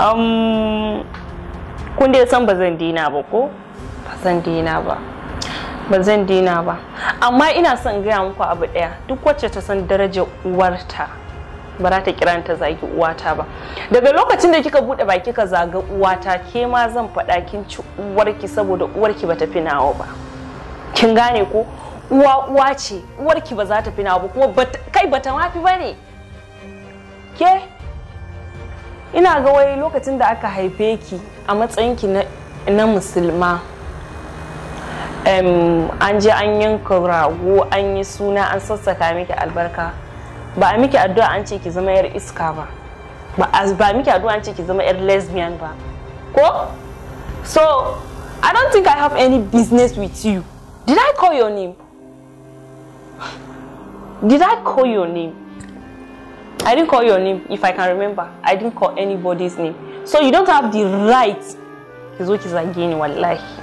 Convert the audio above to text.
um, kun dai san ba zan dina ba ko ba zan dina ba ba zan dina ba amma ina son gaya muku abu ɗaya duk wacce ta san darajar uwarta ba za ta kira ta zagi uwata ba daga lokacin da kika bude baki ka zaga uwata ke ma zan faɗa kin ci uwarki saboda uwarki ba ta fi nawa ba kin gane ko uwa uwa ce uwarki ba za ta fi nawa ba kuma kai ba ta mafi ba ne ke ina ga wai lokacin da aka haife ki a matsayinki na musulma an je an yanka rago an yi suna an sassaka miki albarka ba a miki addu'a an ce ki zama yar iska ba ba a miki addu'a an ce ki zama yar lesbian ba ko so i don't think i have any business with you did i call your name did i call your name I didn't call your name, if I can remember. I didn't call anybody's name. So you don't have the right. His which is again, wallahi.